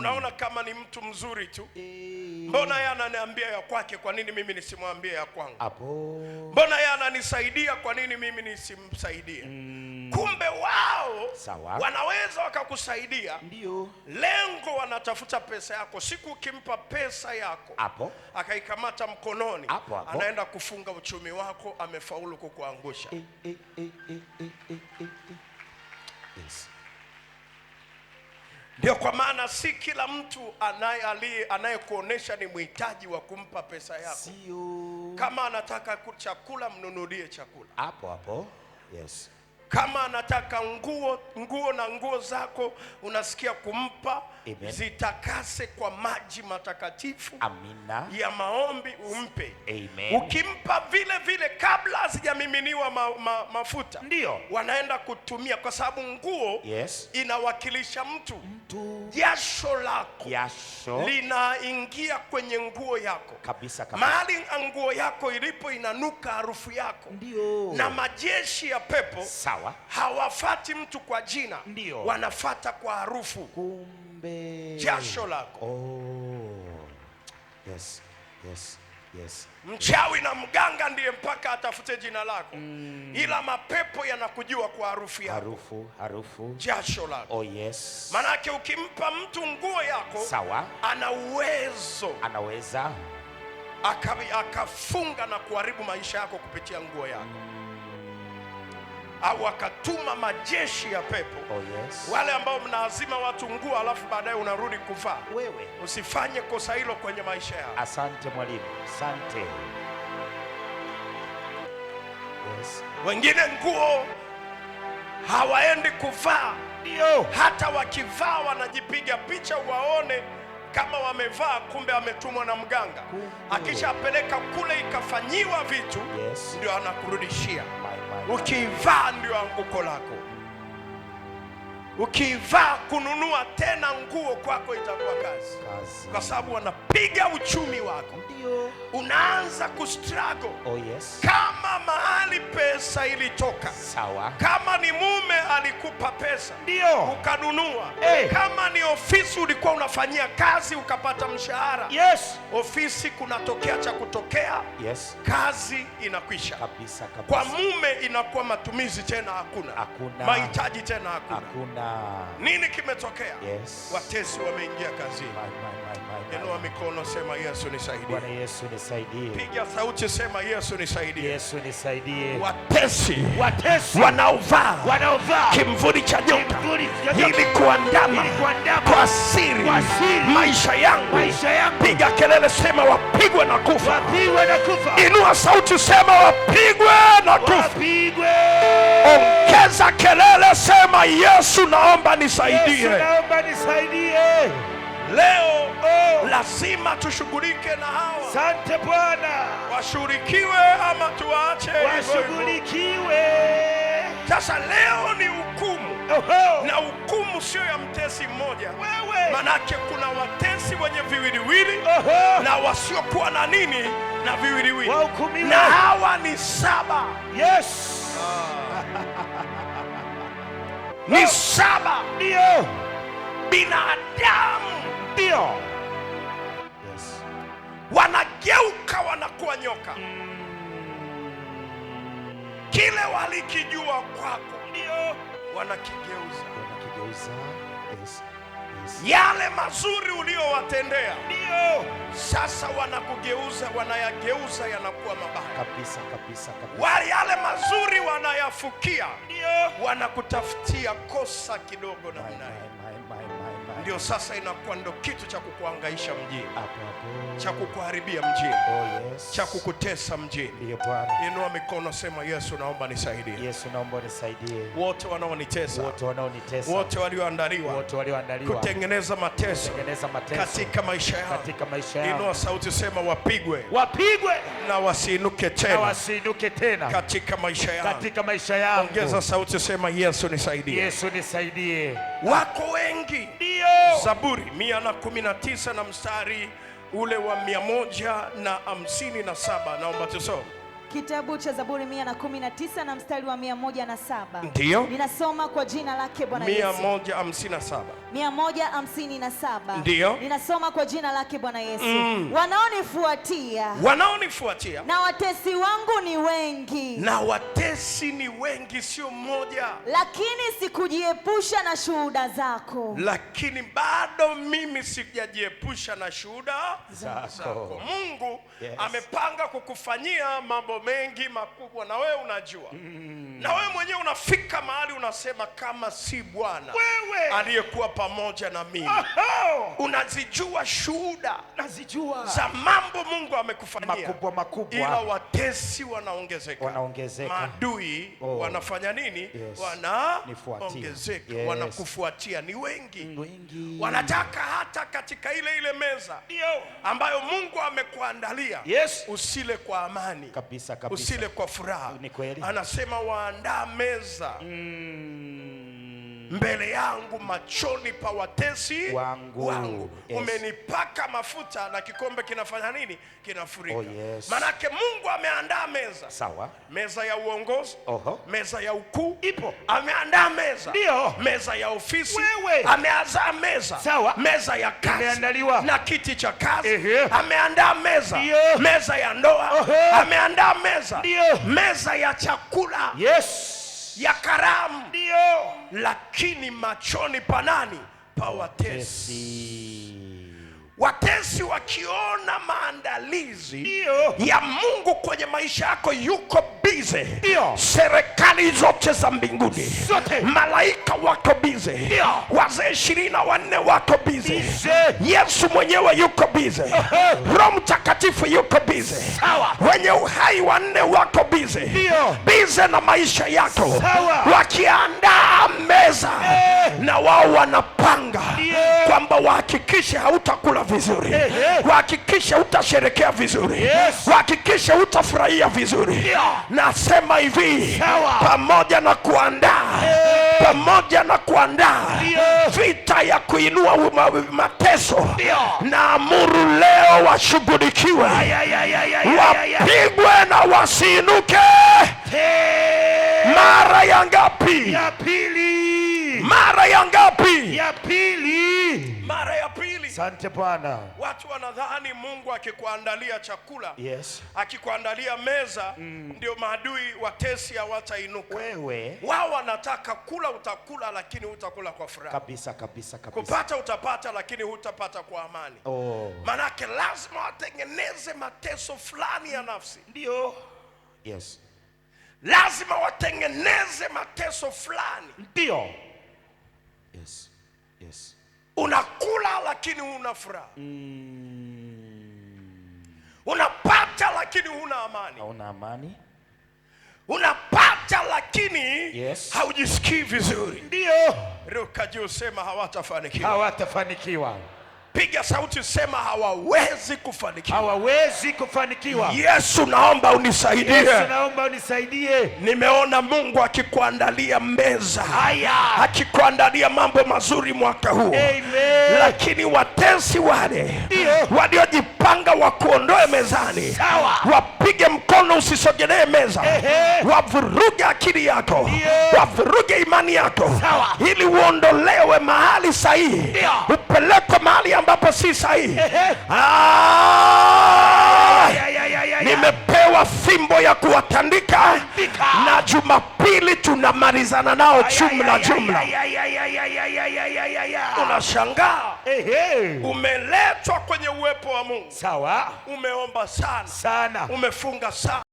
Unaona kama ni mtu mzuri tu, eh. mbona yeye ananiambia ya kwake, kwa nini mimi nisimwambie ya kwangu? Mbona yeye ananisaidia, kwa nini mimi nisimsaidie? Mm. Kumbe wao sawa, wanaweza wakakusaidia, ndio lengo, wanatafuta pesa yako. Siku ukimpa pesa yako hapo, akaikamata mkononi, apo, apo, anaenda kufunga uchumi wako, amefaulu kukuangusha. e, e, e, e, e, e, e. Yes. Ndio kwa maana si kila mtu anayekuonesha ni mhitaji wa kumpa pesa yako. Sio. Kama anataka chakula mnunulie chakula hapo hapo. Yes. Kama anataka nguo nguo na nguo zako unasikia kumpa Amen. Zitakase kwa maji matakatifu Amina. ya maombi umpe Amen. Ukimpa vile vile kabla hazijamiminiwa ma, ma, mafuta ndio wanaenda kutumia, kwa sababu nguo yes. inawakilisha mtu, mtu. Jasho lako jasho linaingia kwenye nguo yako kabisa, kabisa. Mahali nguo yako ilipo inanuka harufu yako ndio. na majeshi ya pepo Sao sawa. Hawafati mtu kwa jina, ndio wanafata kwa harufu. Kumbe jasho lako. Oh. Yes. Yes. Yes. Mchawi na mganga ndiye mpaka atafute jina lako mm. Ila mapepo yanakujua kwa harufu yako, harufu, harufu. Jasho lako. Oh, yes. Manake ukimpa mtu nguo yako sawa, ana uwezo anaweza akafunga na kuharibu maisha yako kupitia nguo yako mm au akatuma majeshi ya pepo. Oh, yes. Wale ambao mnaazima watu nguo alafu baadaye unarudi kuvaa wewe, usifanye kosa hilo kwenye maisha yao. Asante mwalimu, asante. Yes. Wengine nguo hawaendi kuvaa, ndio hata wakivaa wanajipiga picha waone kama wamevaa, kumbe ametumwa na mganga. Akishapeleka kule ikafanyiwa vitu, yes, ndio anakurudishia ukivaa ndio anguko lako. Ukivaa kununua tena nguo kwako itakuwa kazi, kazi, kwa sababu wanapiga uchumi wako. Ndio unaanza kustruggle. Oh, yes. Kama mahali pesa ilitoka, sawa. Kama ni mume alikupa pesa, ndio ukanunua. Hey. Eh. Kama ni ofisi ulikuwa unafanyia kazi ukapata mshahara, yes. Ofisi kunatokea cha kutokea, yes. Kazi inakwisha kabisa, kabisa. Kwa mume inakuwa matumizi tena hakuna, hakuna. Mahitaji tena hakuna, hakuna. Ah. Nini kimetokea? Yes. Watesi wameingia kazini. Inua mikono, sema Yesu nisaidie. Bwana Yesu nisaidie. Piga sauti, sema Yesu nisaidie. Yesu nisaidie. Watesi, watesi wanaovaa, wanaovaa kimvuli cha nyota ili kuandama kuandama. Kwa siri. kwa siri maisha yangu, maisha yangu. Piga kelele, sema wapigwe na kufa, wapigwe na kufa. Inua sauti, sema wapigwe na kufa sema Yesu, naomba nisaidie, Yesu, naomba nisaidie. Leo oh, lazima tushughulike na hawa. Asante Bwana. Washughulikiwe ama tuache? Washughulikiwe. Sasa leo ni hukumu na hukumu sio ya mtesi mmoja, manake kuna watesi wenye viwiliwili na wasiokuwa na nini na viwiliwili, na hawa ni saba. Yes. Ah ni saba. Ndio binadamu ndio yes. Wanageuka wanakuwa nyoka, mm. kile walikijua kwako ndio wanakigeuza, wanakigeuza yes yale mazuri uliyowatendea, ndio sasa wanakugeuza, wanayageuza yanakuwa mabaya kabisa kabisa kabisa. yale mazuri wanayafukia, ndio wanakutafutia kosa kidogo namna hiyo ndio sasa inakuwa ndo kitu cha kukuangaisha mjini, cha kukuharibia mjini, oh, yes. cha kukutesa mjini. Inua mikono, sema Yesu, naomba nisaidie. Yesu, naomba nisaidie. Wote wanaonitesa, wote wanaonitesa, wote walioandaliwa, wote walioandaliwa kutengeneza mateso, kutengeneza mateso katika maisha yao, katika maisha yao. Inua sauti, sema wapigwe, wapigwe na wasiinuke tena, na wasiinuke tena katika maisha yao, katika maisha yao. Ongeza sauti, sema Yesu nisaidie, Yesu nisaidie. Wako wengi hiyo. Zaburi 119 na mstari ule wa 157 naomba tusome. Kitabu cha Zaburi 119 na mstari wa 107. Ndio. Ninasoma kwa jina lake Bwana Yesu. 157. 157. Ndio. Ninasoma kwa jina lake Bwana Yesu. Mm. Wanaonifuatia. Wanaonifuatia. Na watesi wangu ni wengi. Na watesi ni wengi, sio mmoja. Lakini sikujiepusha na shuhuda zako. Lakini bado mimi sijajiepusha na shuhuda zako. Mungu yes, amepanga kukufanyia mambo mengi makubwa, na wewe unajua mm. na wewe mwenyewe unafika mahali unasema, kama si Bwana aliyekuwa pamoja na mimi. Unazijua shuhuda nazijua za mambo Mungu amekufanyia makubwa makubwa, ila watesi wanaongezeka, wanaongezeka, maadui oh. wanafanya nini? Yes. Wanaongezeka, yes. wanakufuatia ni wengi. wengi wanataka hata katika ile ile meza ambayo Mungu amekuandalia yes. usile kwa amani kabisa kabisa. Usile kwa furaha, anasema waandaa meza mm mbele yangu machoni pa watesi wangu, wangu. Yes. Umenipaka mafuta na kikombe kinafanya nini? Kinafurika. Oh, yes. Manake Mungu ameandaa meza. Sawa. Meza ya uongozi. Oho. Meza ya ukuu ipo, ameandaa meza. Ndio. Meza ya ofisi ameandaa meza. Sawa. Meza ya kazi imeandaliwa na kiti cha kazi ameandaa meza. Ndio. Meza ya ndoa ameandaa meza. Ndio. Meza ya chakula. Yes ya karamu ndio, lakini machoni panani pa watesi. Watesi wakiona maandalizi ndio ya Mungu kwenye maisha yako, yuko bize, serikali zote za mbinguni, malaika wako bize, wazee ishirini na wanne wako bize, Yesu mwenyewe yuko bize, Roho Mtakatifu yuko bize, wenye uhai wanne wako bize, bize na maisha yako, wakiandaa meza na wao wanapanga kwamba wahakikishe hautakula vizuri, wahakikishe hutasherekea vizuri, wahakikishe hutafurahia vizuri na nasema hivi pamoja na kuandaa pamoja na kuandaa vita ya kuinua mateso, na amuru leo washughulikiwe, wapigwe na wasiinuke. Mara ya ngapi? Mara ya ngapi? Asante Bwana. Watu wanadhani Mungu akikuandalia chakula yes, akikuandalia meza mm, ndio maadui watesi hawatainuka. Wewe wao wanataka kula, utakula lakini hutakula kwa furaha kabisa, kabisa, kabisa. Kupata utapata lakini hutapata kwa amani. Oh, manake lazima watengeneze mateso fulani ya nafsi ndio. Yes, lazima watengeneze mateso fulani ndio. Yes, yes. Una lakini huna furaha mm. Unapata lakini huna amani, hauna amani. Unapata lakini yes. Haujisikii vizuri, ndio ruka juu, sema hawatafanikiwa, hawatafanikiwa. Piga sauti, sema hawawezi kufanikiwa, hawawezi kufanikiwa. Yesu, naomba unisaidie, Yesu, naomba unisaidie. Nimeona Mungu akikuandalia meza haya, akikuandalia mambo mazuri mwaka huu, lakini watesi wale walioji mezani, wapige mkono usisogelee meza, wavuruge akili yako, wavuruge imani yako, ili uondolewe mahali sahihi, upelekwe mahali ambapo si sahihi. Nimepewa fimbo ya kuwatandika na Jumapili tunamalizana nao jumla jumla. Unashangaa Umeletwa kwenye uwepo wa Mungu. Sawa. Umeomba sana sana, umefunga sana